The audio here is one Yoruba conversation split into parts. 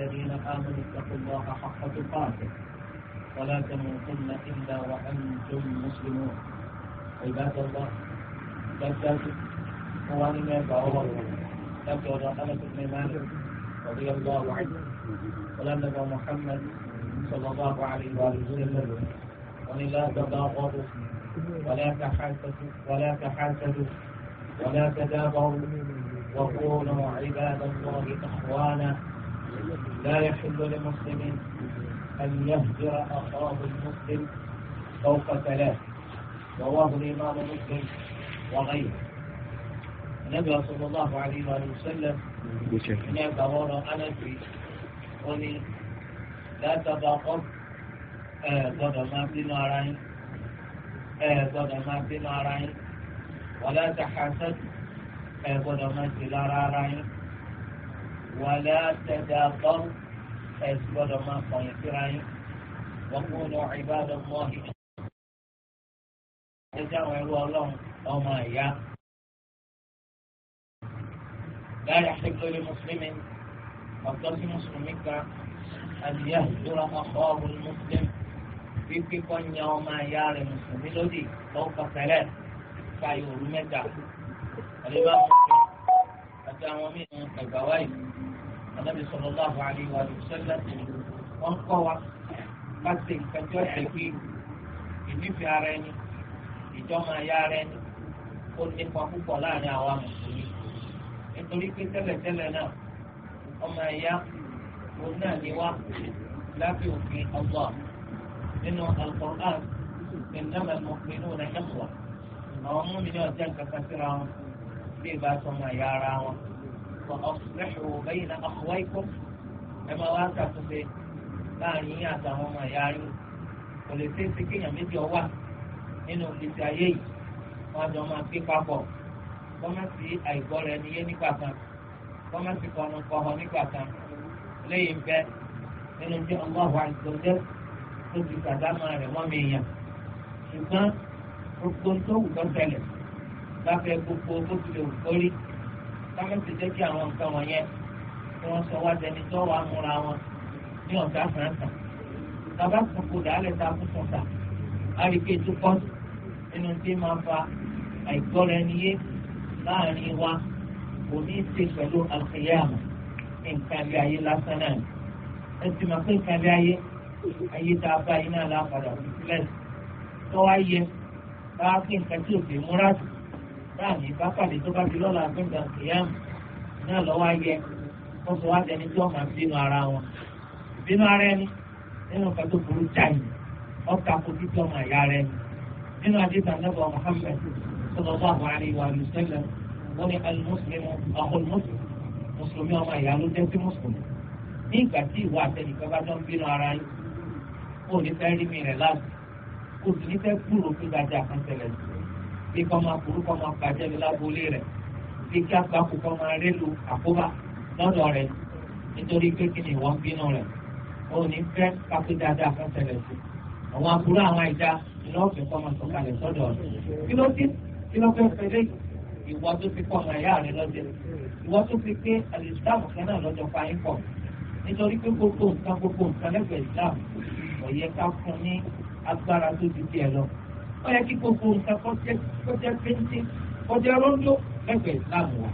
الذين آمنوا اتقوا الله حق تقاته ولا تموتن إلا وأنتم مسلمون عباد الله لذات قوانين يتعور لذات أنس بن مالك رضي الله عنه ولنبى محمد صلى الله عليه وآله وسلم ومن لا تباغضوا ولا تحاسدوا ولا تحاسدوا ولا تدابروا وكونوا عباد الله إخوانا لا يحل لمسلم أن يهجر أخاه المسلم فوق ثلاث رواه الإمام مسلم وغيره النبي صلى الله عليه وسلم هناك رواه أنا في قولي لا آه، تباقب زاد ما دينارين زاد ما نارين ولا تحسد زاد آه، ما نارين ولا تدابر as ما Allah وَقُولُوا عِبَادَ اللَّهِ تَجَوَى اللَّهُ لَهُمْ أَوْمَا إِيَا لا يحب لمسلم أفضل مسلم منك أن يهدر مخاب المسلم في كون يوم إيا لمسلم الذي فوق ثلاث فيرمد الإمام أتى ومنه كالقوائد anábì sallallahu alaihi wa sallam wọ́n kọ́ wa láti ìfẹ́jọ́ ìṣègbè ìnífẹ̀ẹ́ ara ẹni ìjọba ayá ara ẹni ó nípa púpọ̀ láàrin àwa mùsùlùmí nítorí pé tẹ́lẹ̀tẹ́lẹ̀ náà ọmọ ẹ̀yà òun náà ní wá lábẹ́ òfin ọgbà nínú Al-Qur'an ìnáwó ẹ̀mọ́pẹ́ inú rẹ̀ ẹ̀kọ́ àwọn múmi náà jẹ́ nǹkan وأصلحوا بين أخويكم ẹmọ wa ṣàtúnṣe láàrin yín àtàwọn ọmọ ìyá yín kò lè ṣe é ṣe kéèyàn méjì ọwà nínú ìgbésí ayé yìí wọn jọ máa gbé papọ̀ kọ́mọ̀sì àìgbọ́ra ẹni yé nígbà kan kọ́mọ̀sì kọ́nu kọ́họ nígbà kan léyìn bẹ́ nínú tí ọlọ́hu àìsọ̀jẹ́ tó ti sàdámà rẹ̀ mọ́ mi yàn ṣùgbọ́n gbogbo tó wù tó ṣẹlẹ̀ láfẹ́ gbogbo tó ti lè wù kórí káwọn ti jẹ́ kí àwọn nǹkan wọ̀nyẹn kí wọ́n sọ wá dẹni tó wàá múra wọn ní ọ̀gá fàǹtà tàbá kókó dàálẹ̀ tá a kó sọ̀tà á rí pé tó pọ̀ nínú tí máa fa àìgbọ́ra ẹni yé láàrin wa kò ní í ṣe pẹ̀lú àkìyàmù nǹkan bí ayé lásán náà ẹ ti mọ̀ pé nǹkan bí ayé ayé tá a bá iná lápadà sílẹ̀ tó yẹ bá kí nǹkan tí ò náà ní ìbápàdé tó bá fi lọ́la gbẹ̀ngàn kìyàm náà lọ́wọ́ ayẹ wọ́n sọ wá dẹni tí wọ́n máa bínú ara wọn ìbínú ara ẹni nínú nǹkan tó burú jáì ọkà kò tí tọ́ máa yá rẹ nínú adébà nàbà Muhammad sọlọ bá wà ní ìwà àlùsẹlẹ wọn ni alimusulmi ọkùnrin mùsùlùmí mùsùlùmí ọmọ ìyá ló jẹ sí mùsùlùmí ní ìgbà tí ìwà àtẹnìkan bá jọ ń bínú ara yín kò ní fẹ́ rí mi rẹ̀ láàbù kò sì ní fẹ́ kúrò fún dáadáa kan tẹ̀lẹ̀ bí kọ́ máa burú kọ́ máa bàjẹ́ mi lábúlé rẹ̀ bí kí àgbákò kọ́ máa rélu àkóbá lọ́dọ̀ rẹ̀ nítorí pé kí ni ìwọ́n bínú rẹ̀ ó ní fẹ́ kápẹ́ dáadáa kan ṣẹlẹ̀ sí àwọn aburú àwọn ìjà iná ọ̀fẹ́ kọ́ máa sọ̀kalẹ̀ sọ́dọ̀ rẹ̀ kí ló dé kí ló fẹ́ fẹ́ lé ìwọ́n tó fi kọ́ ọmọ ìyá rẹ̀ lọ́dẹ ìwọ́n tó fi pé àlìsílámù kan náà lọ́jọ́ pa yín pọ̀ nítorí pé gbogbo nǹkan gbogbo nǹkan lẹ́gbẹ̀ẹ́ ìsìlámù ó yẹ ká fún ní agbára tó ju tiẹ̀ lọ ó yẹ kí gbogbo nǹkan kó jẹ́ péńté kó jẹ́ rọ́ńdó lẹ́gbẹ̀ẹ́ ìsìláàmù wa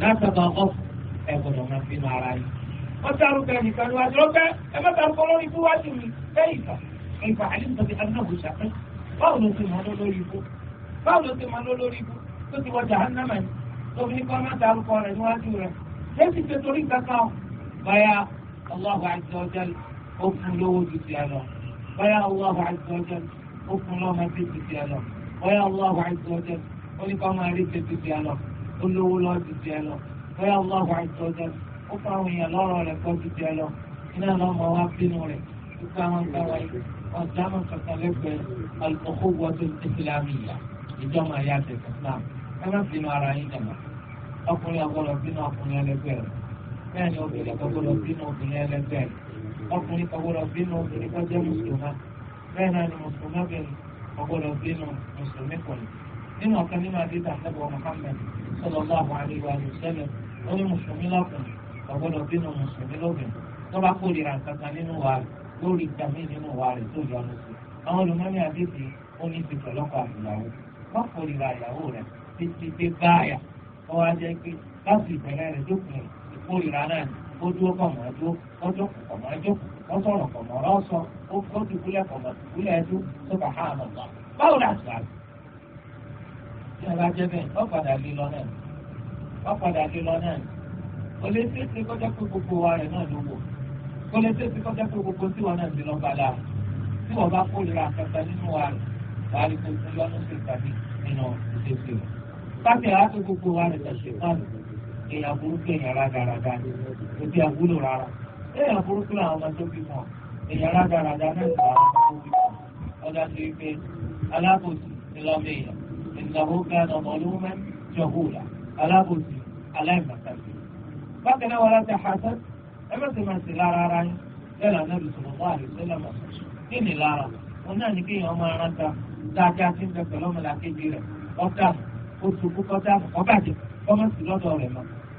látàbà ọ̀f ẹ̀ gbọ́dọ̀ máa fi nu ara yìí. wọ́n sáré bẹ́ẹ̀ nìkan ni wàá dúró bẹ́ẹ̀ ẹ mẹ́ta ń kọ́ lórí ikú wájú mi bẹ́ẹ̀ ìfà ìfà àlìmọ́bi anáwó ṣàpẹ́ báwo ló ti mọ̀ ọ́ lórí ikú báwo ló ti mọ̀ ọ́ lórí ikú tó ti wọ jahannama ni tóbi ní kọ́ máa dárúkọ rẹ̀ níwájú rẹ̀ lẹ́sìn tó torí kankan báyà Allahu azza wa ó fún lówó ju ti ẹ lọ báyà Allahu azza wa ó fún wọn máa ṣe ti ti ẹ lọ bóyá Allahu azza wa jalla ó ní ká máa rí ṣe ti ti ẹ lọ ó lówó lọ ti ti ẹ lọ bóyá Allahu azza wa jalla ó fún àwọn èèyàn lọ́rọ̀ rẹ̀ kọ́ ti ti ẹ lọ iná lọ́ mọ wá bínú rẹ̀ kíkọ́ àwọn ń gbára yìí wọ́n dáná kankan lẹ́gbẹ̀ẹ́ alùpùpù wọ́tò ìsìlámìyà ìjọba ayé àti islam ẹ má bínú ara yín dàgbà ọkùnrin ọgbọ́dọ̀ bínú ọkùnrin ẹlẹgbẹ́ bẹ́ẹ̀ ni obìnrin ọgbọ́dọ̀ bínú obìnrin ẹlẹgbẹ́ ọkùnrin ọgbọ́dọ̀ bínú obìnrin kọjá mùsùlùmá bẹ́ẹ̀ náà ni mùsùlùmí obìnrin ọgbọ́dọ̀ bínú mùsùlùmí kan nínú ọ̀kan nínú àdìgbà àtẹ́bọ̀ Muhammad sallallahu alaihi wa sallam ó ní mùsùlùmí lọ́kùnrin ọgbọ́dọ̀ bínú mùsùlùmí lóbìnrin tó bá kórìíra kankan nínú wa lórí ìdàmí nínú wa rẹ̀ tó yọ lọ́sùn àwọn olùmọ́ni àdìsí ó ní ti pẹ̀lọ́kọ̀ àbúyàwó wọ́n kórìíra ìyàwó rẹ̀ títí dé báyà ọwọ́ ajẹ́ pé láti ìbẹ̀rẹ̀ ó dúró kọ̀mọ̀ á dúró ó jókòó kọ̀mọ̀ á jókòó ó sọ̀rọ̀ kọ̀mọ̀ ọ̀rọ̀ sọ ó dùbúlẹ̀ kọ̀mọ̀ dùbúlẹ̀ ẹdú tó kà á mọ̀ bá báwo la sọ àlù. tí a bá jẹ bẹ́ẹ̀ ọ padà lé lọ náà ọ padà lé lọ náà o lè ṣe é ṣe kọjá pé gbogbo wa rẹ̀ náà ló wò o lè ṣe é ṣe kọjá pé gbogbo tí wọn náà ti lọ padà tí wọn bá kórìíra kankan nínú wa wà á lè kó tó ṣe tàbí nínú ìṣesí èèyàn burúkú èèyàn rádaràda ni kò tí a wúlò rárá èèyàn burúkú làwọn ọmọ tó bí wọn èèyàn rádaràda náà sì làwọn ọmọ tó bí wọn ọjà sí pé alábòsí ni lọ́mọ èèyàn ìnáwó gánà ọmọlúwẹ́ jọ̀húlà alábòsí aláìmọ̀tàkì. bákan náà wọn láti àṣà ẹ mẹ́sìn máa sì lára ara yín bẹ́ẹ̀ lànà ìṣòro wà àdìsẹ́lẹ̀ mọ̀ kí ni lára òun náà ní kéèyàn máa rántà dáadáa tí ń bẹ pẹ̀lú rẹ̀ ọ̀tà oṣù kúkọ́tà ọ̀bàjẹ́ kọ́mọ̀sì lọ́dọ̀ rẹ̀ mọ́.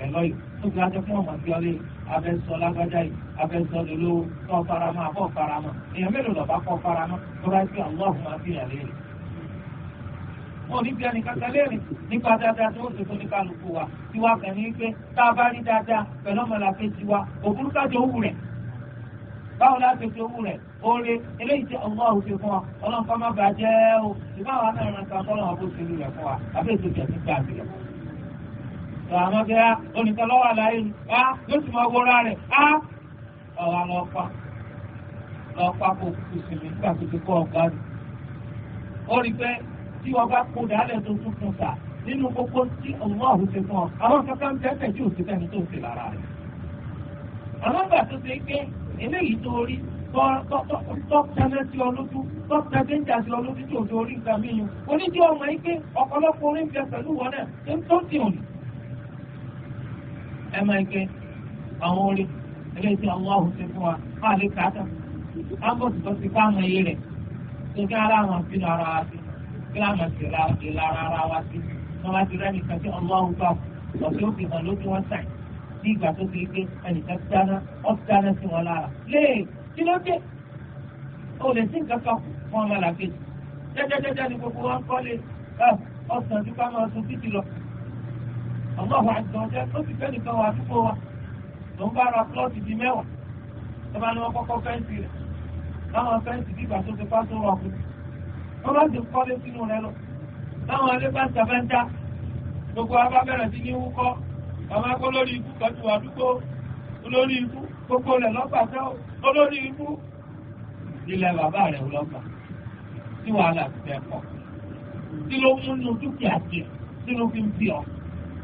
rẹ lọ́yìn tó fi ajọ fún ọmọ sí ọlẹ́ abẹ́sọ lágbájá yìí abẹ́sọ lólówó kọ́ faramọ́ àbọ̀ faramọ́ èèyàn mélòó lọ́ba kọ́ faramọ́ tó bá sí ọlọ́run máa fi yàrá rẹ̀. wọn ní bí ẹnì kankan léèrè nípa dáadáa tó ń ṣètò ní kálukú wa tí wàá kàn ní pé tá a bá rí dáadáa pẹ̀lú ọmọ làfẹ́ ti wa òbúrú kájọ òwú rẹ̀ báwo la ṣe fi owó rẹ̀ oore eléyìí tí ọlọ́run fi fún wa ọlọ́run má bàjẹ́ o ìbáwa náà ràn kàn tọ́lọ́ àbóṣe rẹ̀ fún wa àbẹ́sẹ̀ tẹ̀sí gbà sílẹ̀ àwọn bẹ́ẹ̀ oníkan lọ́wọ́ àlàyé ni á yóò sì máa wọra rẹ̀ á ọ̀wà lọ pa lọ pa kò kù sí mi nígbà tó ti kọ́ ọ̀gá rẹ̀. ó rí pé tí wọ́n bá kó dálẹ̀ tó tún fún ta nínú gbogbo tí òun ọ̀hún ti fún ọ àwọn kankan tẹ́tẹ̀ tí ò sí tẹ́ni tó ń ti lára rẹ̀. àwọn gbà tó ṣe pé eléyìí tó rí tọ́tẹ́lẹ́ sí ọlójú tọ́tẹ́dẹ́jà sí ọlójú tí ò fi nǹkan mí yun ọmọ yìí pé ọ̀pọ̀lọpọ̀ orí ń bẹ pẹ̀lú wọn tó ń tó ti òní ẹ máa gbé àwọn orí eléyìí tí àwọn ọ̀hún ti fún wa máa lè kà tán ambos tó ti ká àwọn eyín rẹ̀ tó kí ara àwọn sí ara wa sí kí àwọn sì ra ìlara ara wa sí wọn bá ti rẹ́ nìkan tí ọlọ́run bá ọ̀sẹ̀ òkè hàn ló tí wọ́n sàn ní ìgbà tó ti gbé ẹnìkan dáná ọ́ dáná sí wọn lára léè kí ló dé o lè sí nǹkan kan fún ọmọ làkejì jẹjẹjẹjẹ ni gbogbo wọn kọ́ lé ọ̀sán tó ká máa sun títì lọ ọlọ́run àjọ̀jẹ́ tó ti fẹ́ni kan wà àdúgbò wa tó ń bá plọ́ọ̀tì di mẹ́wàá tó bá wọ́n kọ́kọ́ fẹ́ǹsì rẹ̀ láwọn fẹ́ǹsì bí ìgbà tó ti pásó rọ̀ kù wọ́n bá ti kọ́lé sínú rẹ̀ lọ láwọn ilé bá ń tẹ̀ fẹ́ńtà gbogbo wa bá bẹ̀rẹ̀ sí ní wúkọ́ àwọn akọ́ lórí ikú kan wà àdúgbò olórí ikú gbogbo rẹ̀ lọ́gbà tẹ́ olórí ikú ilẹ̀ bàbá rẹ̀ lọ́gbà tí wàhálà ti fẹ́ pọ̀ kí ló mú nu dúkìá tiẹ̀ kí fi ń bí ọ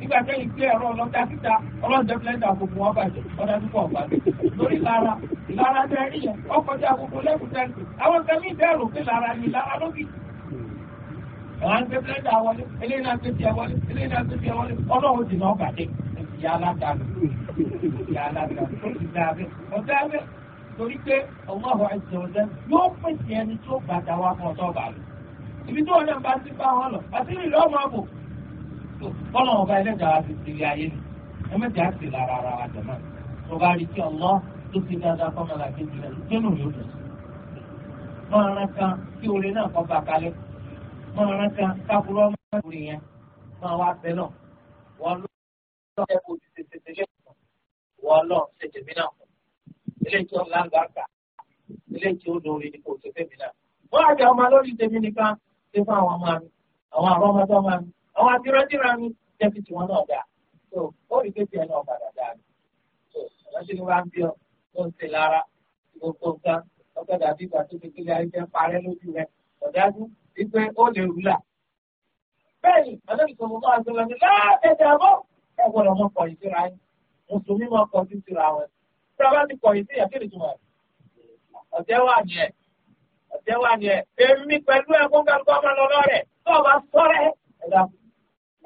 nígbà tẹ́yìn pé ẹ̀rọ ọlọ́dá síta ọlọ́dẹ blender gbogbo wọn bàjẹ́ ọ̀dà púpọ̀ bàjẹ́ lórí lára ìlara tẹ rí yẹn ọkọjá gbogbo lẹ́kùn tẹ́ǹtì àwọn sẹ́mi dẹ́rù pé lára ni lára blender wọlé eléyìí náà wọlé eléyìí náà wọlé ọlọ́run jìnnà ìyá aládàáni ìyá aládàáni ó ti torí pé tó kọ́nà ọba ẹlẹ́dàá ti tiri ayé ni ẹ mẹ́ta á sì lára ara wa jẹ̀ náà tó bá rí kí ọlọ́ tó ti dáadáa fọ́nmọ́ la ti jìnnà ìjọ́nù yóò dùn. máa rán kan kí orin náà kọ́ bá kalẹ̀ máa rán kan káfúrọ́ máa ń rìn yẹn máa wá bẹ́ẹ̀ náà wọ́n lọ ẹ kò ti tètè tẹ́lẹ̀ wọ́n lọ ṣe tèmi náà ilé tí lágbàá gbà ilé tí àwọn àtìrọ́jìrà mi jẹ́bi tiwọn náà dà tó ó rí pé tiẹ̀ náà padà dà ní. tó ọlọ́sìn ni wọ́n á bí ọ tó ń ṣe lára gbogbo nǹkan ọkọ̀ dàbí ìgbà tó ti kílẹ̀ ayé parẹ́ lójú rẹ̀ ọ̀dájú wípé ó lè rúlà. bẹ́ẹ̀ni ọlọ́sìn tó mú kọ́ àti lọ́ni láàbẹ̀dẹ̀ àbọ̀ ẹ gbọ́dọ̀ mọ kọ̀yìn síra yín mùsùlùmí mọ kọ̀yìn síra wọn. tí a bá ti kọ̀yìn sí ìyàtọ̀ ìtumọ̀ ọ̀tẹ̀ wà ní ẹ̀ ọ̀tẹ̀ wà ní ẹ̀ èmi pẹ̀lú ẹ̀kọ́ kankan máa lọ lọ́rẹ̀ tó o bá sọ́rẹ́ ẹ̀dá kù.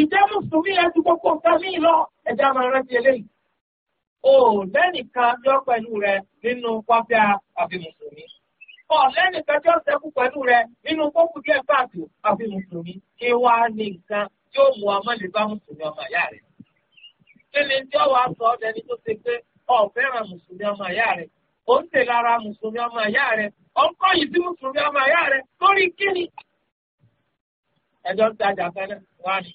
ìjẹ́ mùsùlùmí yẹn gbogbo nǹkan mí lọ ẹ̀jẹ̀ máa rántí eléyìí. o lẹ́nìkan jọ pẹ̀lú rẹ nínú kọfíà àbí mùsùlùmí. o lẹ́nìkan jọ sẹ́kù pẹ̀lú rẹ nínú kókù díẹ̀ àbí mùsùlùmí. kí ní nǹkan tí ó mú ọmọ lè bá mùsùlùmí ọmọ ìyá rẹ̀. kí ni tí tó o fẹ́ràn mùsùlùmí ọmọ ìyá rẹ̀ ó ń tèlé ara mùsùlùmí ọmọ ìyá rẹ̀ ó ń kọ́ yìí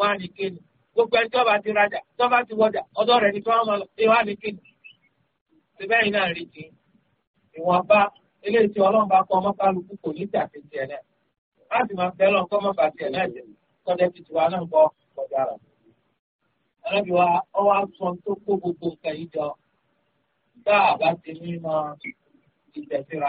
wọ́n á ní kíni gbogbo ẹni tó ti rajà tó bá ti wọjà ọ̀dọ̀ rẹ̀ ni kí wọ́n máa lọ ẹ wá ní síbẹ̀ yìí náà rí ti ìwọ̀nba eléyìí tí ọlọ́run bá kọ́ kò ní tiẹ̀ náà máa fẹ́ lọ́n kọ́ tiẹ̀ náà ti tiwa náà bọ́ wa tó kó gbogbo nǹkan yìí jọ a bá ti ní mọ ìtẹ̀síra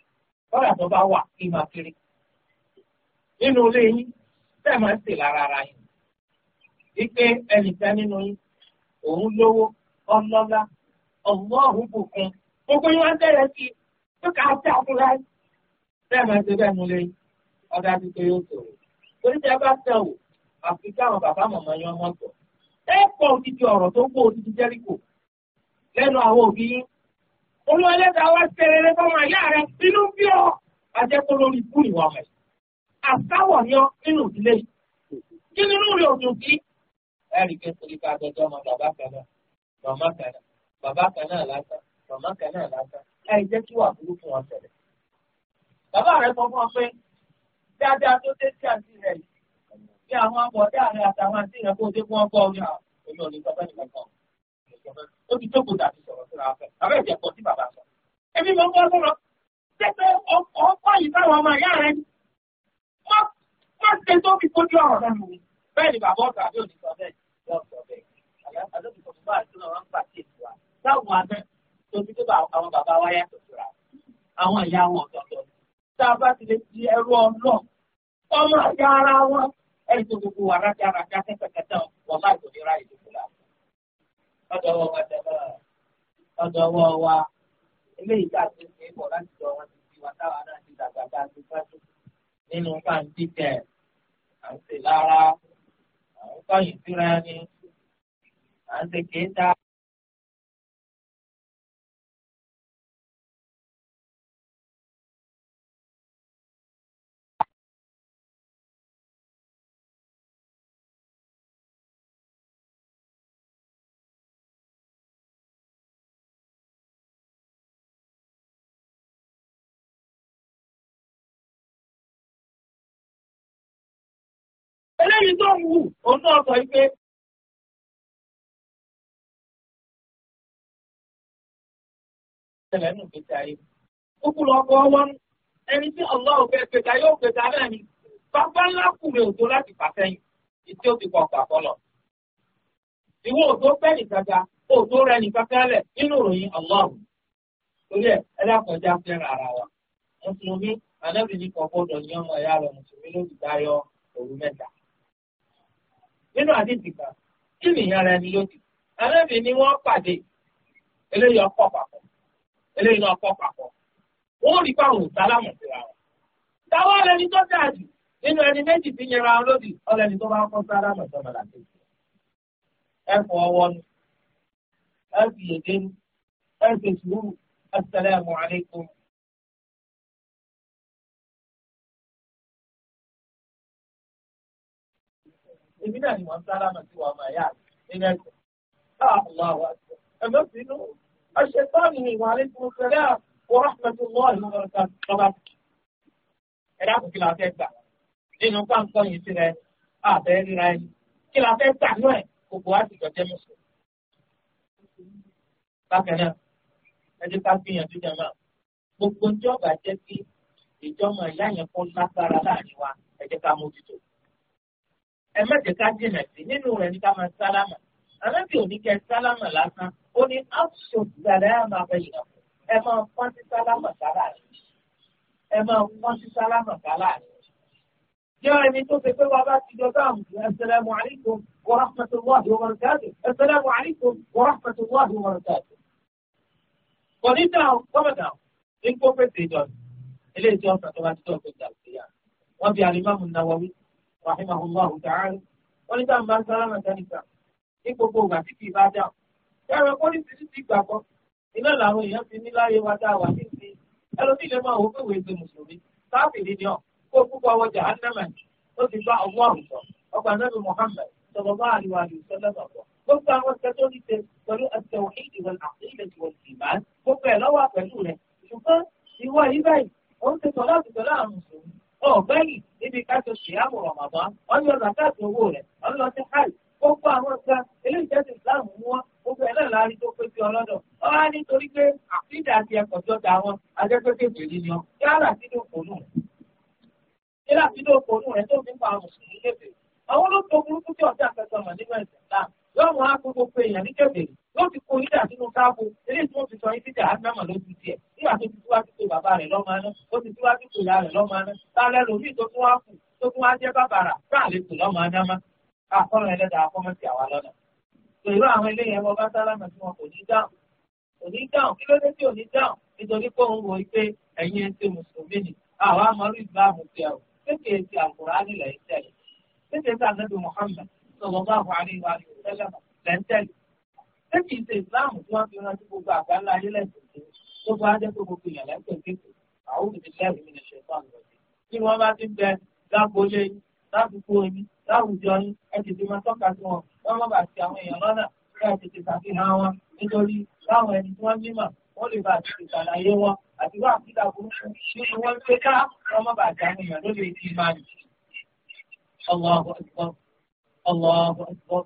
lọ́dà tó bá wà kí máa kiri nínú ilé yín bẹ́ẹ̀ máa ń sè lára ara yín wípé ẹnìkan nínú yín òun lówó ọlọ́lá ọ̀wọ́ òun bùkún gbogbo yín wọ́n bẹ̀rẹ̀ sí tó kà á dá fúnra yín bẹ́ẹ̀ máa ń ṣe bẹ́ẹ̀ mú lé yín ọ̀dà ti pé yóò sòrò torí tí a bá tẹ̀ wò àfi káwọn bàbá màmá yín ọmọ sọ ẹ pọ̀ òdìdí ọ̀rọ̀ tó kó òdìdí jẹ́ríkò lẹ́nu àwọn òbí yín olú ẹlẹ́dàá wá ṣe rere fọmọ ìyá rẹ nínú bí ọ àjẹkọ lórí ikú ìwà ọmọ ẹ àsáwọ̀ ni ọ nínú ìdílé kí nínú rẹ ò dùn kí. ẹ̀rí pé torí ká gbẹjọ́ ọmọ bàbá kan náà màmá kan náà bàbá kan náà lásán màmá kan náà lásán láì jẹ́ kí wà burú fún wọn ṣẹlẹ̀. bàbá rẹ sọ fún ọ pé dáadáa tó dé sí àti rẹ bí àwọn ọmọ ọdẹ àrẹ àtàwọn àti ìrẹ́pọ̀ dé fún ọgbọ́n ọ̀gá èmi ò ní sọ sọ̀rọ̀ ó ti jókòó dàbí sọ̀rọ̀ síra ọ̀fẹ́ àbẹ́ ìjẹ̀kọ́ tí bàbá sọ. èmi mọ̀ ń bọ́ sọ̀rọ̀ tẹ́tẹ́ ọkọ̀ yìí táwọn ọmọ ìyá rẹ̀ ni wọ́n ṣe tó fi kójú ọ̀rọ̀ lẹ́nu mi bẹ́ẹ̀ ni bàbá ọ̀gá àbí òní sọ bẹ́ẹ̀ lọ sọ bẹ́ẹ̀ àdókòtò bá àdúrà wọn gbà sí ètò wa táwọn abẹ́ tó fi tó àwọn bàbá wa tó lọ́dọ̀ọ́wọ́ gbàdàgbà lọ́dọ̀ọ́wọ́ wa eléyìí tá a ti ṣe é bọ̀ láti jọ wọn ti di wa táwa náà ti dàgbà tá a ti gbájú nínú pàǹtí tẹ̀ à ń ṣe lára à ń kọ́yìn síra ẹni à ń ṣe kéńtà. torí tó ń wù òun náà sọ pé ṣẹlẹ̀ nù gbèsè ayé kúkú lọ bọ́ wọn ẹni tí ọlọ́ ò fẹ́ gbèsè ayé ò gbèsè alẹ́ bàbá ńlá kù rẹ̀ láti ó ti ìwọ nínú ìròyìn torí ara wa mùsùlùmí ní ọmọ nínú àdìsíkà kí nìyẹn ara ẹni lódì alábì ni wọ́n pàdé eléyìí ọkọ̀ papọ̀ eléyìí ọkọ̀ papọ̀ wọ́n rí fáwọn òsálàmù síra wọn. táwọn ẹni tó dáa jù nínú ẹni méjì ti yẹra wọn lódì ọlẹ́ni tó bá kọ́ sálàmù sọ́mọ làkè ẹ fọ ọwọ́ nu ẹ fi èdè nu ẹ fi sùúrù asalaamualeykum. èmi náà ni wọ́n sálámà sí wàá máa yá nínú ẹ̀sẹ̀. Aláwọ̀ ẹ̀mọ́ sínú aṣetán ni ìwà alẹ́ tí mo fẹ́ rẹ́ àwọn ọ̀rọ̀mọ̀tò mọ́ ìlú ọ̀rọ̀ta tọ́ba. Ẹ dákun kí la fẹ́ gbà nínú pàǹkọ́ yìí ti rẹ àbẹ́ ríra ẹni kí la fẹ́ gbà náà gbogbo àtijọ́ jẹ́ mọ̀sọ̀. Bákan náà, ẹ jẹ́ ká gbìyànjú jẹ máa gbogbo ń jẹ́ kí ìjọ́mọ̀ ìyá yẹn kó lágbára láàrin wa ẹ jẹ́ ká mójútó ẹ má jẹ́ ká jìnà sí nínú rẹ̀ ní ká máa sálámà anábì ò ní kẹ́ sálámà lásán ó ní absolute gbàdá ẹ máa bẹ yìnyín fún ẹ máa pọ́n sí sálámà kálá rẹ̀ ẹ máa pọ́n sí sálámà kálá rẹ̀. jẹ́ ẹni tó ṣe pé wàá bá ti jọ dáhùn asalaamu alaykum wa rahmatulahi wa barakatuh asalaamu alaykum wa ní dáhùn kọ́mọ̀ dáhùn ìjọ ilé ìjọ ọ̀sán tó bá ti tọ́ rahimahullahu ta'ala wọ́n ní sáà máa ń sálámà sẹ́nìkà ní gbogbo ìgbà tí kì í bá dà ẹ̀rọ pọ́lísì ti ti gbàgbọ́ iná làwọn èèyàn ti ní láyé wa tá a wà ní ìsìn ẹlòmíì lè máa wò pé wèé ṣe mùsùlùmí káfíìrì ni ọ kó púpọ̀ wọ jahannama ó ti bá ọmọ àwùjọ ọgbà nàbì Muhammad sallallahu alaihi wa sallam gbogbo àwọn kẹtọ́lì ṣe pẹ̀lú at pẹ̀lú rẹ̀ ṣùgbọ́n ìwọ yìí báyìí ọ̀gbẹ́yìn níbi ká tó ṣe àmọ̀ Ramadan wọ́n yọ zakat owó rẹ̀ wọ́n lọ sí hajj gbogbo àwọn ọ̀gá eléyìí tẹ́sí Islam mú wọn gbogbo ẹ̀ náà láàrin tó pé sí ọlọ́dọ̀ wọ́n á nítorí pé àfíìdà àti ẹ̀kọ́ tó da wọn adẹ́gbẹ́gbẹ́ bèlí ni wọn yálà sínú òkòlù rẹ̀ yálà sínú òkòlù rẹ̀ tó fi ń pa àwọn mùsùlùmí lébè àwọn olóòtú burúkú tí ọ̀sẹ̀ àfẹ́sọ̀mọ̀ nínú ẹ̀sìn Islam yóò mọ akó gbogbo èèyàn ní kébè yóò fi kó yídà sínú káàbù eléyìí tí wọn fi sọ yín títí àádámà ló ti tiẹ̀ nígbà tó ti tí wàá ti tó bàbá rẹ̀ lọ́mọ aná ó ti tí wàá ti tó ìyá rẹ̀ lọ́mọ aná tálẹ́ lòmí tó tún wá kù tó tún wá jẹ́ bàbàrà táà lè tò lọ́mọ aná má àkọ́rọ̀ ẹlẹ́dàá akọ́mọ́sí àwa lọ́nà. pẹ̀lú àwọn eléyìí ẹ̀wọ̀n bá sálámà tí wọn kò ní dáhùn kò ní dáhùn kí ló dé tí ò ní dáhùn nítorí pé òun wò pé ẹ̀yin ẹ̀ṣẹ̀ mùsùlùmí ni àwa amọ̀rú ìsìláàmù sẹ́lẹ̀mù lẹ́ńtẹ́lì lẹ́yìn ìṣe ìsìláàmù tí wọ́n fi rántí gbogbo àgbáńlá ayé lẹ́sìn sí tó bá jẹ́ pé gbogbo èèyàn lẹ́sìn kéèké àwọn òbítílẹ́rì mi ní ṣètò àná tí wọ́n bá ti bẹ lágbolé ládùúgbò yín láwùjọ yín ẹ tètè máa tọ́ka sí wọn wọ́n má bàa ti àwọn èèyàn lọ́nà kí ẹ tètè ṣàfihàn wọn nítorí láwọn ẹni tí wọ́n mímọ̀ wọ́n lè bá ti ṣàlàyé wọn àti wọ́n àfíkà burúkú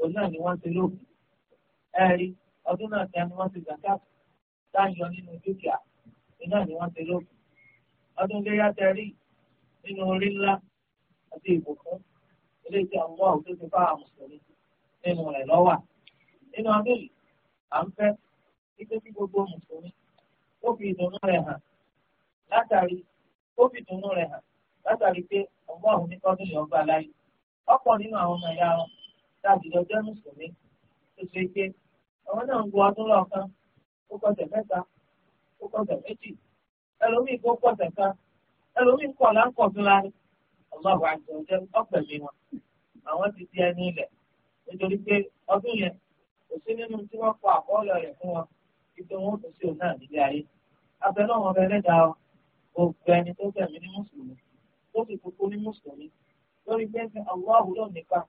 òun náà ni wọ́n ti lóògùn ẹ̀rí ọdún náà tẹ́ ni wọ́n ti nínú dúkìá òun náà ni wọ́n ti lóògùn ọdún tẹ rí nínú orí ńlá àti ìbùkún ilé tí àwọn ti bá àwọn gbogbo mùsùlùmí ó fi ìdùnnú rẹ̀ hàn látàrí ó fi ìdùnnú rẹ̀ hàn látàrí pé ní kọ́dún yìí ọgbà ọmọ tábìlì ọjọ́ mùsùlùmí tó ṣe pé àwọn náà ń wo atúnlọ̀ kan ó kọsẹ̀ mẹ́ta ó kọsẹ̀ méjì ẹlòmíì kó kọsẹ̀ kan ẹlòmíì kọ̀ láńkọ̀tún láàrin ọlọ́run àti ọjọ́ ọ̀pẹ̀lẹ̀ wọn àwọn ti di ẹni ilẹ̀ nítorí pé ọdún yẹn kò sí nínú tí wọ́n kọ àkọọ́lẹ̀ rẹ̀ fún wọn ibi wọn kò sí òun náà nílé ayé abẹ náà wọn bẹ lẹ́dàá gbogbo ẹni tó gbẹ̀mí ní mùsùlùmí tó sì kúkú ní mùsùlùmí lórí pé ń àwùjọ nípa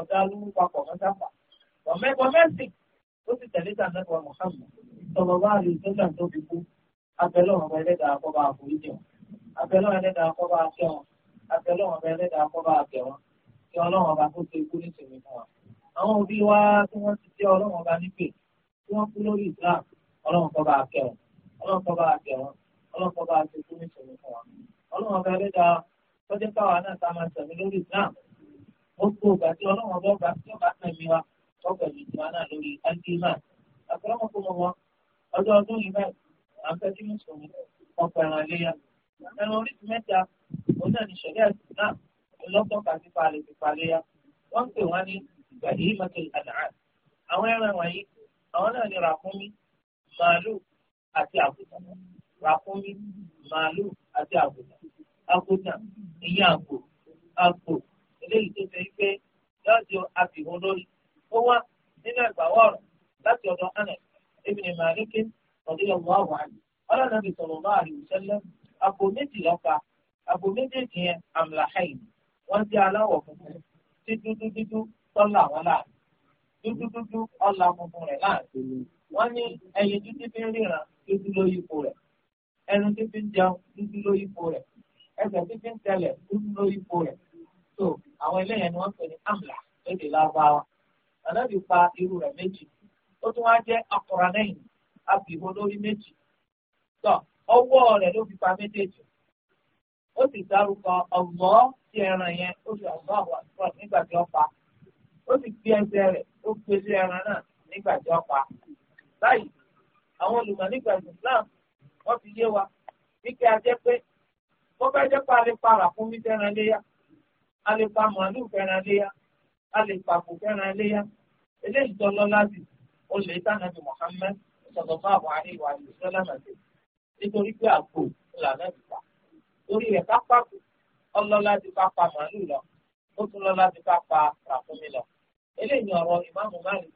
ọ̀gá lóhùn papọ̀ mọ́sáfà ọ̀mẹ́kọ̀ mẹ́sìn ó sì tẹ̀lé sàmẹ́kọ̀ Muhammad sọ̀rọ̀ bá rí sọ́jà tó fi kú abẹ́lẹ́ ọ̀rọ̀ ẹlẹ́dàá akọ́bá àforíjì wọn abẹ́lẹ́ ẹlẹ́dàá akọ́bá akẹ́ wọn abẹ́lẹ́ ọ̀rọ̀ ẹlẹ́dàá akọ́bá akẹ́ wọn kí ọlọ́run ọba tó ṣe ikú nísìnyí fún wa. àwọn òbí wa tí wọ́n ti jẹ́ ọlọ́run ọba nípè tí wọ́n kú lórí Islam ọlọ́run kọ́ bá akẹ́ wọn ọlọ́run kọ́ bá akẹ́ wọn ọlọ́run kọ́ bá ṣe ikú nísìnyí fún wa. ọlọ́run ọba ẹlẹ́dàá tọ́jú káwa náà tá a máa tẹ̀mí lórí Islam gbogbo ìgbà tí ọlọ́run bá bá tí ó bá tẹ̀mí wa ọgbà ìlú wa náà lórí ágírímà àpọ̀lọpọ̀ mọ̀ wọn ọjọ́ ọdún yìí báyìí à ń fẹ́ kí mùsùlùmí wọn pa ẹran iléyà ẹran oríṣi mẹ́ta òun náà ní sọ̀rí àti náà lọ́tọ̀ọ̀kà ti palẹ̀ ti paléyà wọ́n ń pè wọ́n ní ìgbà yìí mọ́tò àdáhà àwọn ẹran wọ̀nyí àwọn náà ní ràkúnmí màálù àti àgùntàn ràkúnmí màálù àti àgùntàn àgùntàn ìyá àgbò àgbò eléyìí tó ṣe pé yọjọ àfihàn lórí ó wá nínú ẹgbàwọ ọ̀rọ̀ láti ọ̀dọ̀ Anas ibn Malik radiyallahu anhu ọlọ́nà bí sallallahu alaihi wasallam àpò méjì lọ́pa àpò méjèèjì yẹn amlahayn wọ́n jẹ́ aláwọ̀ funfun tí dúdú dúdú tọ́lá wọn láàrin dúdú dúdú ọ̀la funfun rẹ̀ láàrin wọ́n ní ẹyin dúdú fi ń ríran dúdú ló yípo rẹ̀ ẹnu tí ń jẹun dúdú ló yípo rẹ̀ ẹsẹ̀ tí ń tẹ̀lẹ̀ dúdú ló yípo rẹ̀ so àwọn eléyẹn ni wọ́n pè ní amla lédè lárúbáwá ànábì pa irú rẹ̀ méjì ó tún wá jẹ́ akọranẹ́yìn abìbò lórí méjì tó ọwọ́ rẹ̀ ló fi pa méjèèjì ó sì dárúkọ ọ̀gbọ́ tí ẹran yẹn ó fi ọ̀gbọ́ àwọn àtúntò nígbà tí ó pa ó sì gbé ẹsẹ̀ rẹ̀ ó gbé sí ẹran náà nígbà tí ó pa báyìí àwọn olùmọ̀ nígbà Islam wọ́n fi yé wa wípé a jẹ́ pé bó bá jẹ́ pé a lè para fún mi tẹ́ran léyà a lè pa màálù fẹ́ràn léyà a lè pàpò fẹ́ràn léyà eléyìí tó lọ́lá sí o lè tá nàbì Muhammad sọ̀tọ̀fà buhari wà ní sọ́lámà sí nítorí pé àpò làná ti pa torí rẹ̀ ká pàpò ọlọ́lá ti pa pa màálù lọ ó tún lọ́lá ti pa pa ràkúnmí lọ eléyìí ọ̀rọ̀ ìmáàmù Malik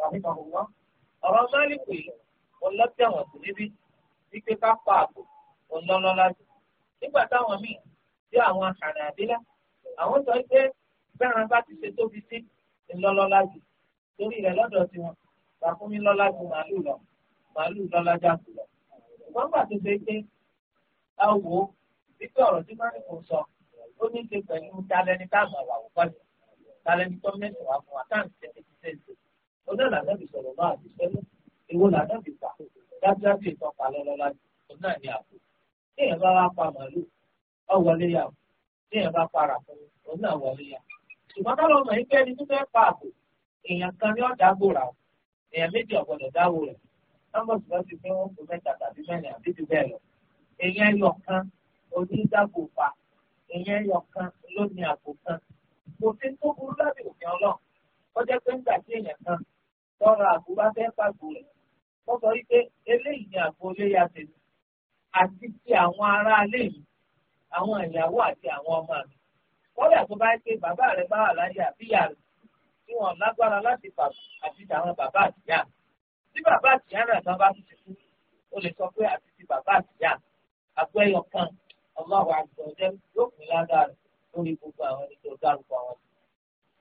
rahimahullah ọ̀rọ̀ Malik pé ọlọ́tẹ̀wọ̀n sí níbí wípé ká pa àpò ọlọ́lọ́lá sí àwọn sọ pé bẹ́ẹ̀rán bá ti ṣe tóbi sí ńlọ́lọ́lá jù torí rẹ̀ lọ́dọ̀ tiwọn ràkúnmí lọ́lá ju màálù lọ màálù lọ́lá jáàkú lọ. wọ́n tó ṣe pé a wò ó wípé ọ̀rọ̀ tí mọ́nì kò sọ ó ní ṣe pẹ̀lú talẹ́ni táàmù àwọn àwòkọ́jọ talẹ́ni tó mẹ́sàn wà fún àkáǹtì tẹ́lẹ̀ ti tẹ́lẹ̀ ọjọ́ làdá fi sọ̀rọ̀ bá àdìsẹ́lẹ̀ èwo làdá fi pa dájúdájú ìtọ́pa lọ́lọ́lá jù òun náà èèyàn bá para fún òun náà wọlé ya ṣùgbọ́n ká lọ́mọ yìí pé tó fẹ́ pa àbò èèyàn kan ní gbòòrà èèyàn méjì rẹ̀ wọn mẹ́ta tàbí mẹ́rin àbí ju bẹ́ẹ̀ lọ èèyàn ẹyọ kan onídàgbò pa kan ló ní kan kò sí kan bá fẹ́ pàgbò rẹ̀ sọ wípé eléyìí ni olóyè àti ti àwọn ará àwọn ìyàwó àti àwọn ọmọ mi kódà tó bá ké bàbá rẹ bá wà láyé àbíyá rẹ tí wọn lágbára láti fà àti àwọn bàbá àtìyá tí bàbá àtìyá náà kan bá ti kú o lè sọ pé àti ti bàbá àtìyá àgbẹ̀ ẹyọ kan ọlọ́wọ́ yóò pín lágbára rẹ lórí gbogbo àwọn ẹni tó dárúkọ àwọn ọmọ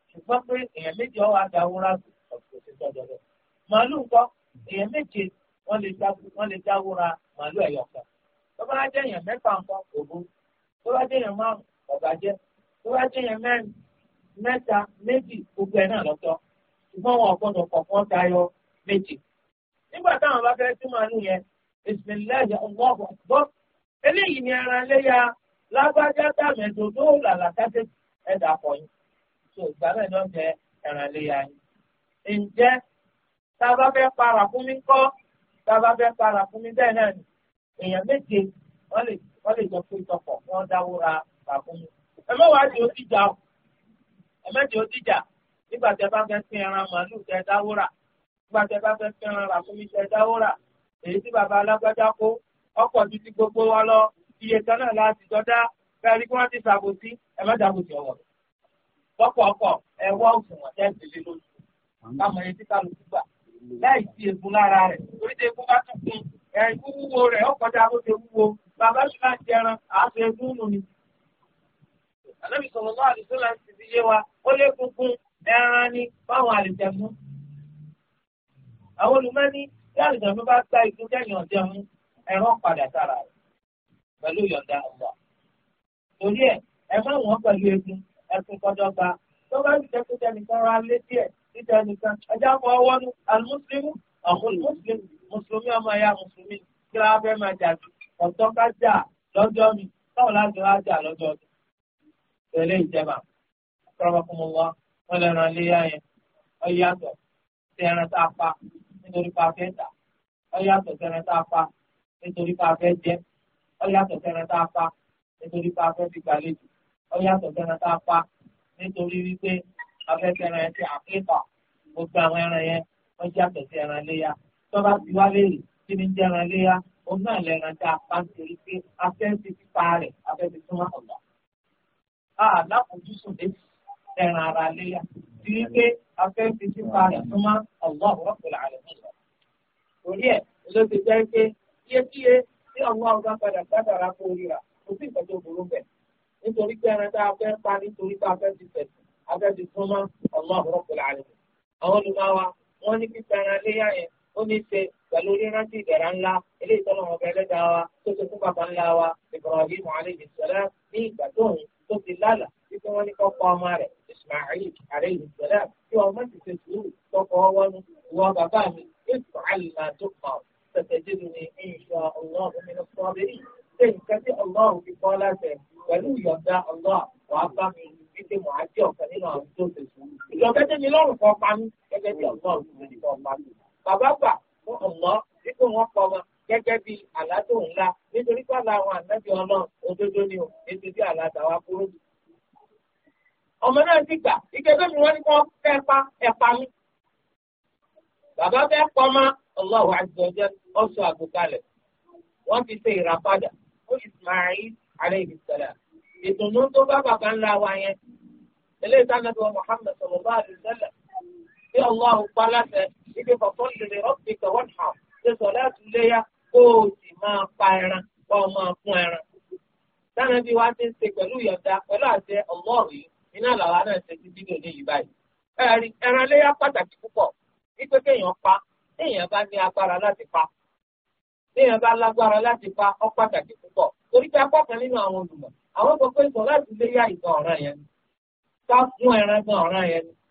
ṣùgbọ́n pé èèyàn méje ọ̀hún adáwúrà ọ̀sẹ̀ tó tọ́jọ́ lọ màálù ńkọ́ èèyàn méje wọ́n lè dáwúra màálù ẹ̀yọ̀ kan tó bá jẹ́ yẹn márùn ọ̀gá jẹ́ tó bá jẹ́ yẹn mẹ́rin mẹ́ta méjì gbogbo ẹ̀ náà lọ́tọ̀ ṣùgbọ́n wọn ọ̀gbọ́dọ̀ kọ̀ọ̀kan tayọ méjì. nígbà táwọn bá fẹ́ sí màálù yẹn bisimilayi Allahu akbar eléyìí ni ara léya lágbájá tàmẹ̀dò tó làlà kásẹ̀ ẹ̀dà pọ̀ yín tó ìgbà náà ló jẹ ẹran léya yín. ǹjẹ́ tá a bá fẹ́ para fún mi kọ́ tá a bá fẹ́ para fún mi bẹ́ẹ̀ náà ni èèyàn méje wọ́n lè wọ́n lè jọ pé jọpọ̀ wọ́n dáwó ra ràkúnmí. ẹ má wàá di o ẹ di nígbà tí ẹ bá fẹ́ ẹran màálù tẹ dáwó rà nígbà tí ẹ bá fẹ́ ẹran tẹ dáwó rà èyí gbogbo wa iye náà láti jọ dá fẹ́ẹ́rí kí wọ́n ti ṣàbòsí ẹ má ṣàbòsí ọ̀wọ̀ lọ́pọ̀ ọkọ̀ ẹ wọ́ òṣùwọ̀n tẹ́sílẹ̀ bàbá ṣùgbọ́n àti ẹran àti ẹgbẹ́ òun ni. ànábì sọ̀rọ̀ náà àdìsó là ń ti fi yé wa ó lé gungun ẹran ni báwọn àlìjẹ̀mú. àwọn olùmọ́ni bí àlìjẹ̀mú bá gba igun jẹ́yìn ọ̀jẹ̀mú ẹran padà sára rẹ̀ pẹ̀lú ìyọ̀ǹda ọ̀gbà. torí ẹ̀ ẹ má wọ́n pẹ̀lú egun ẹ̀sìn kọjọ́ gba tó bá ti jẹ́ pé tẹnìkan ra lé díẹ̀ títẹ nìkan ẹjá fọ ọwọ́ nu àlùmùsùlùmí ọ̀hún mùsùlùmí ọmọ ẹ̀yà mùsùlùmí kí ọ̀tọ́ ká jà lọ́jọ́ mi báwo láti wá jà lọ́jọ́ mi. tẹ̀lé ìjẹba lè yẹn ọ tá a pa nítorí pa fẹ́ tà ọ tá a pa nítorí pa fẹ́ jẹ ọ tá a pa nítorí pa fẹ́ fi gbàlejò ọ tá a pa nítorí wípé ti gbogbo àwọn ẹran yẹn tọ́ba ti wá kí ni jẹ́ ẹran òun náà lẹ́ran tá a bá ń ṣe pé afẹ́fẹ́ fífa rẹ̀ afẹ́fẹ́ tó máa ọ̀gá. aláfojúsùn lè ẹran ara léyà tí pé afẹ́fẹ́ fífa rẹ̀ tó máa ọ̀gá ọ̀rọ̀ pẹ̀lú àrẹ̀ nílò. torí ẹ̀ ló ti jẹ́ pé iyekíye tí ọ̀gá ọ̀gá padà sádàrà kó ríra kò sí ìtọ́jú burú bẹ̀. nítorí pé ẹran tá a pa nítorí pé afẹ́fẹ́ fẹ̀sùn afẹ́fẹ́ tó máa ọ̀gá ọ̀rọ̀ pẹ̀lú àrẹ̀ àwọn olùmọ̀ wa wọ́n ní pípẹ́ ẹran léyà yẹn ó ní ṣe pẹ̀lú rírántí ìbẹ̀rẹ̀ ńlá eléyìí tọ́lọ́ wọn bẹ̀rẹ̀ dá wa tó ṣe fún bàbá ńlá wa Ibrahim alayhi salam ní ìgbà tó ń tó ti lálà títí wọ́n ní kọ́ pa ọmọ rẹ̀ Ismail alayhi salam tí wọ́n má ti ṣe sùúrù tọkọ wọn wọ bàbá mi ètò àlùmá tó pa ọ tẹ̀tẹ̀dé mi ní ìṣọ ọlọ́run nínú àwọn ṣe sùúrù bàbá bà wọn mọ̀ dípò wọn pa wọn gẹ́gẹ́ bí àládò ńlá nítorí pàlà àwọn ànábì ọlọ́run òdodo ni ò ètò bí àládà wa kúrò. ọmọ náà ti gbà ike tó fi wọ́n ní kó fẹ́ pa ẹ̀pa mi. bàbá fẹ́ pọ́nmá Allahu azza wa jalla ọ̀ṣọ́ àgùkalẹ̀ wọ́n fi ṣe ìràpadà fún Ismail alayhi salam. ìdùnnú tó bá bàbá ńlá wa yẹn eléyìí tá a nàbẹ̀ wa Muhammad sallallahu tí ọlọ́run pa láṣẹ ibi kọ̀ọ̀kan lè rọ́ọ̀tì kẹwọ́n hàn ṣe sọ láti léyà kó o sì máa pa ẹran kó o máa fún ẹran. dáná bí wàá ti ń ṣe pẹ̀lú ìyọ̀dá pẹ̀lú àṣẹ ọlọ́run yìí iná làwa náà ṣe ti fídíò ní yìí báyìí. ẹ̀rí torí pé apá kan nínú àwọn olùmọ̀ àwọn sọ pé sọ láti léyà ìtàn ọ̀ràn yẹn ká fún ẹran gan ọ̀ràn yẹn ni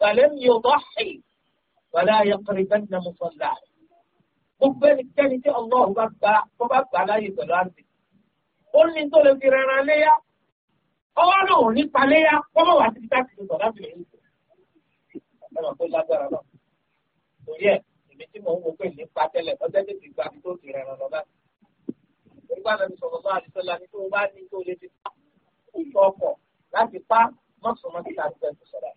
فلم يضحي فلا يقربن مصلاه gbogbo ẹnikẹ́ni tí ọlọ́run bá gbà tó bá gbà láyè pẹ̀lú àti ó ní tó lè fi rẹran léyà ọwọ́ náà ò ní pa léyà kọ́mọ̀ wá sí títà tìlú sọ̀rọ̀ láti lè rí sọ. ẹnà tó lágbára lọ torí ẹ èmi tí mò ń wo pé ní pa tẹ́lẹ̀ ọjọ́ tó ti gba àti tó ti rẹran lọ báyìí. nígbà náà ni sọ̀rọ̀ náà àdìsọ́lá ni tó bá ní tó lè ti pa ìfọ̀ ọkọ̀ láti pa mọ́sùn-mọ́sí àti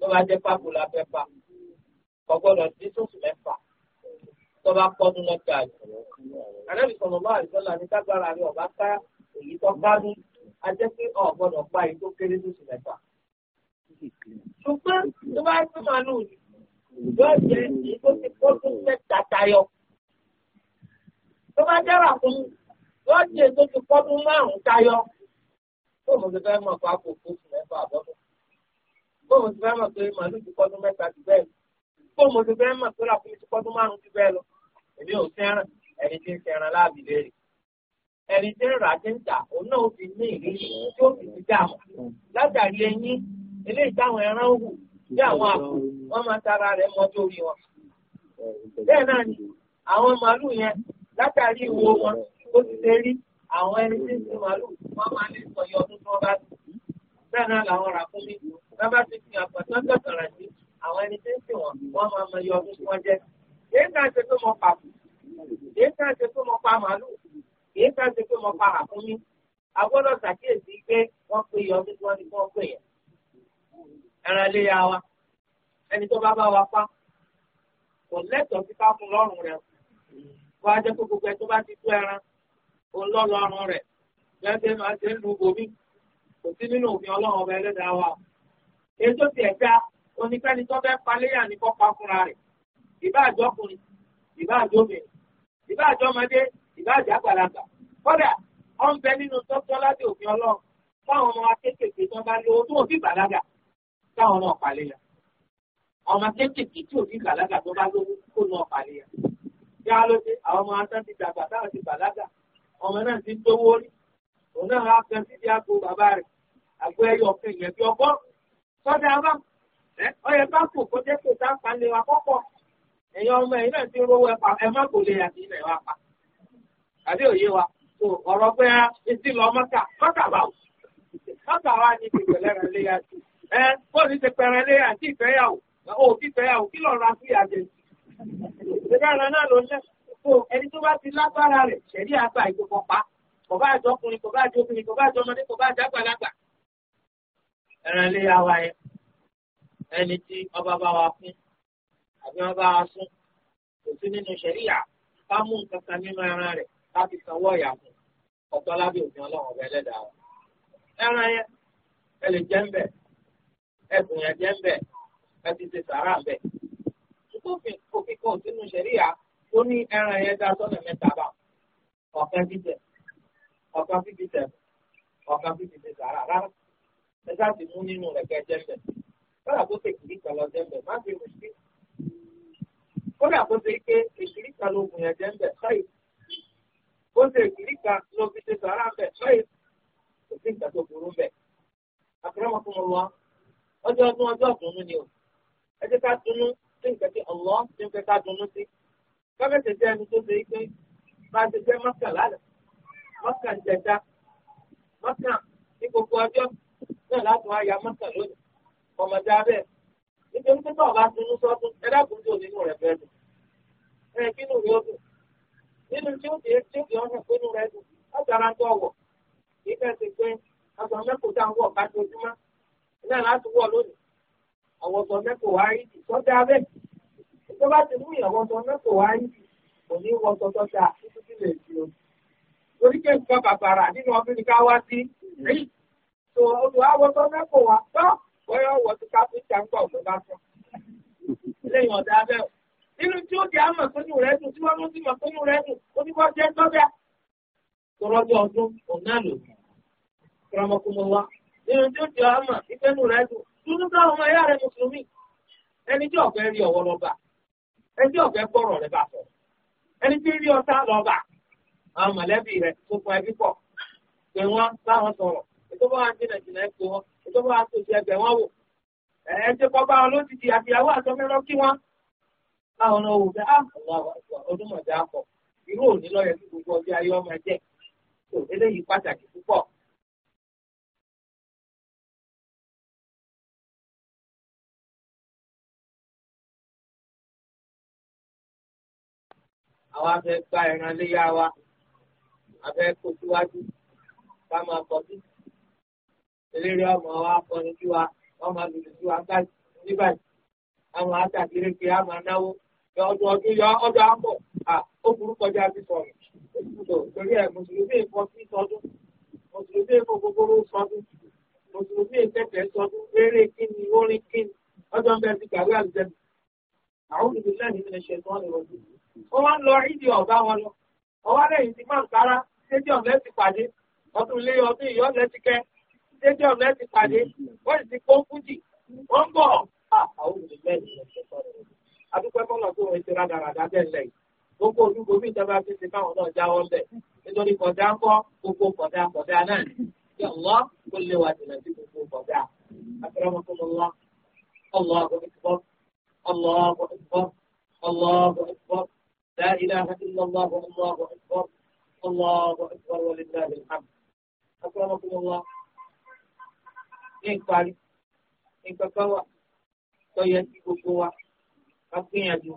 tó bá jẹ́ pápó la fẹ́ pa ọgbọ́dọ̀ sí sóòtù mẹ́fà tó bá pọ́dún lọ́jà àjò. Ànábì sọ̀rọ̀ bá àdìsọ́lá ní kágbára rẹ̀ ọ̀bá ká èyí tó kádùn a jẹ́ pé ọ̀gbọ́dọ̀ pa èyí tó kéré sóòtù mẹ́fà. Ṣùgbọ́n tó bá pín màálù yóò jẹ́ èyí tó ti pọ́dún mẹ́ta tayọ. Tó bá dára fún yóò jẹ́ èyí tó ti pọ́dún márùn-ún tayọ. Tó o mọ̀ kí fẹ́ mọ̀ pápó fún mẹ́fà àbọ̀dún. bóun ti fẹ́ mọ̀ pé màálù ti kọ́dún mẹ́ta ti bẹ́ẹ̀ lọ bóun ti fẹ́ mọ̀ pé làkúnmí ti kọ́dún márùn ti bẹ́ẹ̀ lọ èmi ò fẹ́ràn ẹni tí ń fẹ́ràn láàbì léèrè ẹni tí ń rà ti ń tà òun náà fi ní ìrírí tí ó fi ti dà mọ́ látàrí ẹyin eléyìí táwọn ẹran hù bí àwọn àpò wọn máa tara wọn. bẹ́ẹ̀ náà ni àwọn màálù yẹn látàrí ìwo ní ọdún bàbá ti fi àpọ̀tán tọ̀tọ̀rọ̀ sí àwọn ẹni tí ń sìn wọ́n wọ́n máa mọ iye ọdún tí wọ́n jẹ́. èyí ká ṣe pé mo pa kù èyí ká ṣe pé mo pa màálù èyí ká ṣe pé mo pa àkúnmí agbọ́dọ̀ ṣàkíyèsí pé wọ́n pe iye ọdún tí wọ́n ní kí wọ́n pè yẹn. ẹran ilé ya wa ẹni tó bá bá wa pa kò lẹ́tọ̀ọ́ sí ká fún lọ́rùn rẹ̀ kó a jẹ́ pé gbogbo ẹ̀ tó bá ti tú ẹran òun lọ́ lọ́rùn rẹ̀ gbẹ́gbẹ́ máa ṣe ń lu bomi kò sí nínú òfin ọlọ́run ọba ẹlẹ́dàá wa o ètò ti ẹ̀dá oníkẹ́ni tó fẹ́ paléyà ní kọ́pa fúnra rẹ̀ ìbá àjọkùnrin ìbá àjọbìnrin ìbá àjọmọdé ìbá àjàgbàlagbà kódà ọ̀ ń bẹ nínú tọ́tọ́ láti òfin ọlọ́run fáwọn ọmọ akékèké tó bá lówó tó òfin bàlágà táwọn náà paléyà ọmọ kékèké tí òfin bàlágà tó bá lówó kó náà paléyà bí a ló dé àwọn ọmọ asán ti dàgbà táwọn ti bàlágà ọmọ náà ti dówó rí òun náà á fẹ́ sí bí àgbo bàbá rẹ̀ àgbo ẹyọ ọ̀fẹ́ yẹn bí ọgọ́rùn-ún sọ́dọ̀ abá ọyẹ bá kò kó jẹ́ kò tá pa lè wa kọ́kọ́ èèyàn ọmọ ẹ̀yìn náà ti rówó ẹ̀pà ẹ̀ má kò lè àti ilẹ̀ wa pa àbí òye wa tó ọ̀rọ̀ pé a ti lọ mọ́tà mọ́tà bá wù mọ́tà wa ni ti pẹ̀lẹ́ rẹ̀ lé ya sí ẹ bóòlù ti pẹ̀rẹ̀ lé ya ìfẹ́yàwó ó ti fẹ́yàwó kí lọ́ọ́ ra sí àjẹ ẹni tó bá ti lágbára rẹ̀ ṣẹ̀rí àgbà ìgbòkọ̀ kò bá àjọkùnrin kò bá àjọkùnrin kò bá àjọmọdé kò bá àjàgbàlagbà ẹran ilé yá wa yẹn ẹni tí ọba bá wa fún àbí wọn bá wa sún kò sí nínú ṣẹ̀ríyà ká mú nǹkan kan nínú ẹran rẹ̀ láti sanwó ọ̀yà fún ọ̀tọ̀ lábẹ́ òfin ọlọ́run ọba ẹlẹ́dàá wa. ẹran yẹn ẹ lè jẹ́ ń bẹ̀ ẹ̀bùn yẹn jẹ́ ń bẹ̀ ẹ ti ṣe ń bẹ̀. ṣùgbọ́n òfin kan sínú ṣẹ̀ríyà ó ní ẹran yẹn dá sọ́nà mẹ́ta bá ọ̀kan jíjẹ ọ̀kan fífi tẹ̀ ọ̀kan fífi rárá ẹ sá ti mú nínú rẹ̀ kẹ́ jẹ́sẹ̀ kódà kó ṣe kìlì kan lọ jẹ́sẹ̀ má fi rìn sí kódà kó ṣe ike ìṣìlì kan ló gùn yẹn jẹ́sẹ̀ sọ́yì kó ṣe kìlì kan ló fi ṣe sàrà bẹ̀ sọ́yì kò sí nǹkan tó burú bẹ̀ àkàràmọ́ fún wọn ọjọ́ ọdún ọjọ́ ọ̀dúnnú ni o ẹ jẹ́ ká dunnú sí nǹkan tí ọ̀lọ́ ti ń ká dunnú sí kábẹ́tẹ̀ jẹ́ ẹni tó ṣe ike bá a ti jẹ́ mọ́kànlá mọ́kànjẹta mọ́kàn ní gbogbo bẹ́ẹ̀ láti wá ya mọ́tà lónìí ọmọdé abẹ́ nítorí pé tọ́ọ̀ bá dunú sọ́dún ẹ dákun tó nínú rẹ̀ fẹ́ dùn ẹ kí inú rẹ̀ ó dùn nínú tí ó kìí tí ó kìí ọ̀sán pé inú rẹ̀ dùn látara tó wọ̀ kì í fẹ́ẹ́ pé aṣọ mẹ́kọ̀ọ́ tá ń wọ̀ ká tojúmọ́ náà láti wọ̀ lónìí àwọn ọ̀sán wá rí ti sọ́dẹ abẹ́ ìjọba ti mú ìyàwó ọ̀sán wá rí ti kò ní wọ sọ́tọ́ ta títí lè di o torí pé bàbàrà nínú ọdún ni ká wá sí rí ti wá wọ sọ́mẹ́ kò wá tọ́ bóyá ọwọ́ ti káfíńtà ń bọ̀ ló abụọ! o nínú tí ó di àmọ̀ sínú rẹ̀ dùn tí wọ́n ti mọ̀ dùn ó ní ọdún lò wa nínú tí ó di dùn dúdú mùsùlùmí ẹni tí ọ̀fẹ́ rí ọwọ́ lọ́ba ẹni tí ọ̀fẹ́ gbọ́rọ̀ ìjọba wa jìnnà jìnnà ẹ̀ pé wọn ìjọba wa tó ti ẹgbẹ̀ wọn wò ẹ̀ ṣe kọ́ bá wọn lójijì àtìyàwó àtọ́mẹ́rọ́ kí wọn. báwọn náà wò ah, bẹ́ẹ̀ ọdún mọ̀já akọ irú òní lọ́yẹ̀ kí gbogbo ọjọ́ ayé ọmọ ẹ̀jẹ̀ tó eléyìí pàtàkì púpọ̀. àwa fẹ́ gba wa a fẹ́ kó síwájú ká eléré ọmọ wa kọrin sí wa wọ́n máa lùlù sí wa gbáyìí nígbà yìí àwọn àtàkìrẹ́ pé a máa náwó ọdún ọdún yọ ọdún àpọ̀ ó burú kọjá sí torí mùsùlùmí sí sọdún mùsùlùmí gbogbo sọdún mùsùlùmí sọdún eré kíni orin kíni ń bẹ ti kàwé àwọn olùdílé ní ilé wá ń lọ ìdí stadium lẹ́ẹ̀tì pàdé wọ́n sì ti kó fújì wọ́n ń bọ̀ àwọn olùdíjẹ́ adúpẹ́ fọlọ́ tó ń ṣe rádaràdá tẹ̀lé gbogbo olúgbò bí ìjọba ti ṣe káwọn náà jáwọ́ bẹ̀ nítorí kọjá ń bọ́ gbogbo kọjá kọjá náà kí ọ̀lọ́ kó lé wa jìnnà sí gbogbo kọjá akérèmọ́tòmọ́lá ọ̀lọ́ àgbẹ̀tìbọ́ ọ̀lọ́ ní ìparí nǹkan kan wà tó yẹ kí gbogbo wa ká gbìyànjú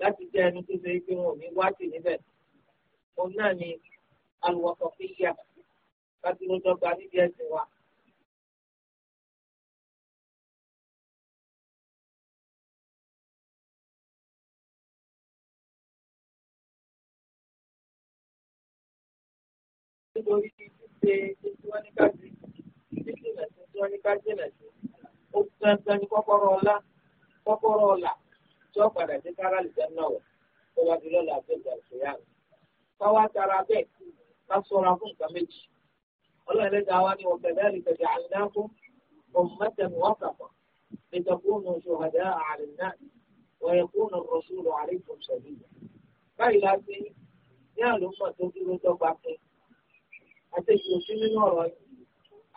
láti jẹ́ ẹni tó ṣe pé wọn ò ní wá sí níbẹ̀ òun náà ni alùpàpọ̀ fi yà ká dúró dọ́gba níbi ẹ̀sìn wa. nítorí ṣíṣe tí wọ́n ní ká sí títí ìrẹsì wọ́n ní ká jìnà sí ó dandan ní kọ́kọ́rọ́ ọlá kọ́kọ́rọ́ ọlà tí ó padà sí kára lìjẹ́ náà wọ̀ tó bá ti lọ́la àti ìgbà ìṣòyà rẹ̀. káwá tara bẹ́ẹ̀ ká sọra fún nǹkan méjì ọlọ́run wa ni wọ́n bẹ̀rẹ̀ ìtẹ̀jẹ̀ àdínákú ọ̀mọ́tẹ̀mù ọ̀kàpọ̀ ìtẹ̀kùnù ṣùhàdá àlìná wọ̀nyẹ̀kùnù rọ̀ṣùlù àríkùn sẹ̀lẹ̀.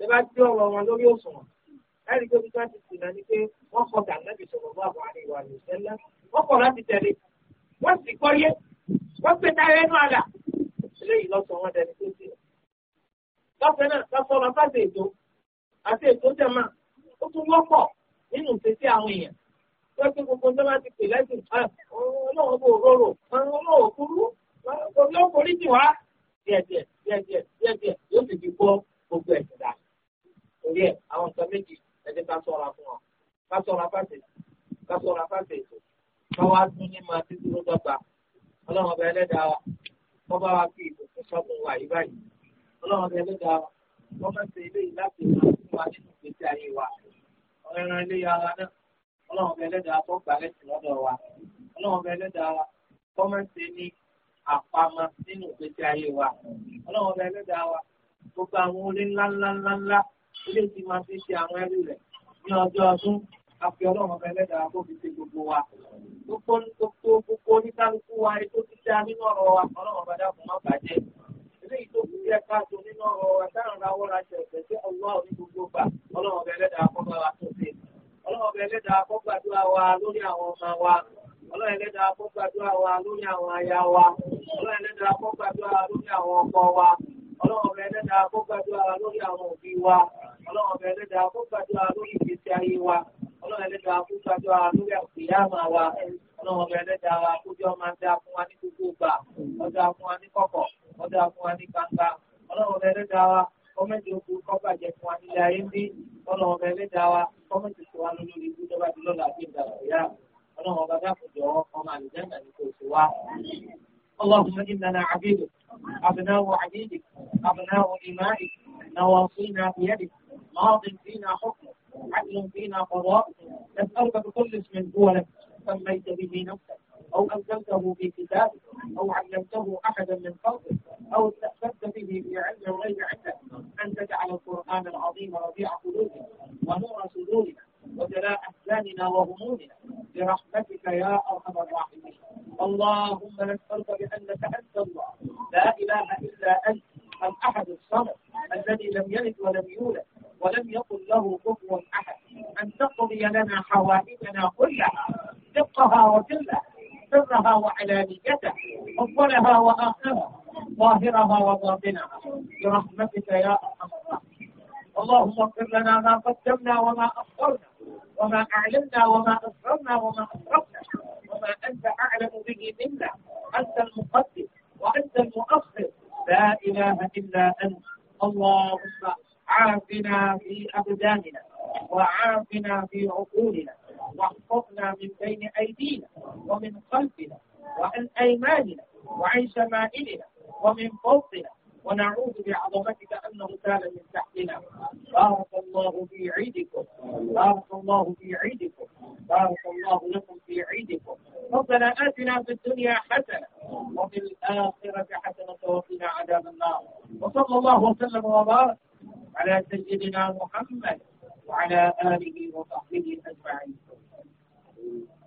ṣé bá tí ọ̀rọ̀ wọn lórí òṣùwọ̀n láti gbé bíi láti sìn náà ni pé wọ́n kọ gànáàbì sọ̀rọ̀ bá àwọn àríwá rẹ̀ sẹ́lá wọ́n kọ̀ láti tẹ̀lé wọ́n sì kọ́ yé wọ́n pè tá ẹnu àlà eléyìí lọ́sọ̀ wọn dẹni tó ti rẹ̀. lọ́sẹ̀ náà lọ́sọ̀ wọn bá ṣe ètò àti ètò jẹ̀mọ́ ó tún wọ́pọ̀ nínú ìṣesí àwọn èèyàn wọ́n ti gbogbo tó bá ti pè lẹ́sìn ọlọ́run kò rorò ọlọ́run kúrú kò ní ó forí jì wá díẹ̀díẹ̀ díẹ̀díẹ̀ díẹ̀díẹ̀ yóò sì fi gbọ́ gbogbo ẹ̀sìn dáa torí ẹ̀ àwọn nǹkan méjì ẹ̀jẹ̀ ká sọ̀ra fún wọn ká sọ̀ra fàṣẹ ká sọ̀ra fàṣẹ ètò ká wá tún ní máa títí ló dọ́gba ọlọ́run ọba ẹlẹ́dàá wa kọ́ bá wa fi ìbò fún sọ́kùn wa yìí báyìí ọlọ́run ọba ẹlẹ́dàá wa wọ́n máa ń ṣe eléyìí láti máa fún wa nínú ìgbésí ayé wa ọ̀rẹ́rán ilé ara náà ọlọ́run ọba ẹlẹ́dàá kọ́ gbà lẹ́sìn lọ́dọ̀ wa ọlọ́run ọba ẹlẹ́dàá wa kọ́ máa ń ní àpamọ́ nínú ìgbésí ayé wa ọlọ́run ọba ẹlẹ́dàá wa gbogbo àwọn orí ńláńláńláńlá ilé tí máa fi ṣe àwọn ẹrú rẹ̀ ní ọjọ́ ọdún àfi ọlọ́run ọba ẹlẹ́dàá kó fi ṣe gbogbo wa gbogbo gbogbo gbogbo oníkálukú wa ètò títí nínú ọ̀rọ̀ wa ọlọ́run ọba dàbò má bàjẹ́ eléyìí tó fi jẹ́ káàtó nínú ọ̀rọ̀ wa táwọn aráwọ̀ ra ṣe ẹ̀fẹ̀ sí ọlọ́wà ní gbogbo gbà ọlọ́run ọba ẹlẹ́dàá kó bá wa tó ṣe ọlọ́run ọba ẹlẹ́dàá kó gbàdúrà wa lórí àwọn ọmọ wa ọlọ́run ẹlẹ́dàá kó gbàdúrà wa lórí àwọn aya wa ọlọ́run ẹlẹ́dàá kó gbàdúrà lórí àwọn ọkọ wa ọlọ́run ọba ẹlẹ́dàá kó gbàdúrà lórí àwọn òbí wa ọlọ́run ọbẹ̀ ẹlẹ́dàá kó gbàdúrà lórí ìgbésí ayé wa ọlọ́run ẹlẹ́dàá kó gbàdúrà lórí ìyáàmà wa ọlọ́run ọbẹ̀ ẹlẹ́dàá wa kó jọ máa dáa fún wa ní gbogbo ìgbà ọdá fún wa ní kọ̀kọ̀ ọdá fún wa ní gbangba ọlọ́run ọbẹ̀ ẹlẹ́dàá wa kọ́mẹ́ntì ogun kọ́bàjẹ́ fún wa nílé ayé bí ọlọ́run ọbẹ̀ ẹlẹ́dàá wa kọ́mẹ́ntì fún wa lórí ìgbésọ́ba ti lọ́la àti ìdàgbàyà ọlọ́run ọba dákùjọ ọmọ àlùjáde àti kò sí wa. اللهم إننا عبيدك أبناء عبيدك أبناء إمائك نواصينا بيدك ماض فينا حكم عدل فينا قضاء نسألك بكل اسم هو لك سميت به نفسك أو أنزلته في كتابك أو علمته أحدا من خلقك أو استأثرت به في علم الغيب عندك أن تجعل القرآن العظيم ربيع قلوبنا ونور صدورنا وجلاء أحزاننا وهمومنا برحمتك يا أرحم الراحمين اللهم نسألك بأنك أنت الله لا إله إلا أنت الأحد الصمد الذي لم يلد ولم يولد ولم يقل له كفوا أحد أن تقضي لنا حوادثنا كلها دقها وجلها سرها وعلانيتها أولها وآخرها ظاهرها وباطنها برحمتك يا أرحم الراحمين اللهم اغفر لنا ما قدمنا وما أخرنا وما أعلنا وما أسررنا وما أسرفنا وما أنت أعلم به منا أنت المقدم وأنت المؤخر لا إله إلا أنت اللهم عافنا في أبداننا وعافنا في عقولنا واحفظنا من بين أيدينا ومن خلفنا وعن أيماننا وعن شمائلنا ومن فوقنا ونعوذ بعظمتك أنه كان من تحتنا بارك الله في عيدكم بارك الله في عيدكم بارك الله لكم في عيدكم ربنا آتنا في الدنيا حسنة وفي الآخرة حسنة وقنا عذاب النار وصلى الله وسلم وبارك على سيدنا محمد وعلى آله وصحبه أجمعين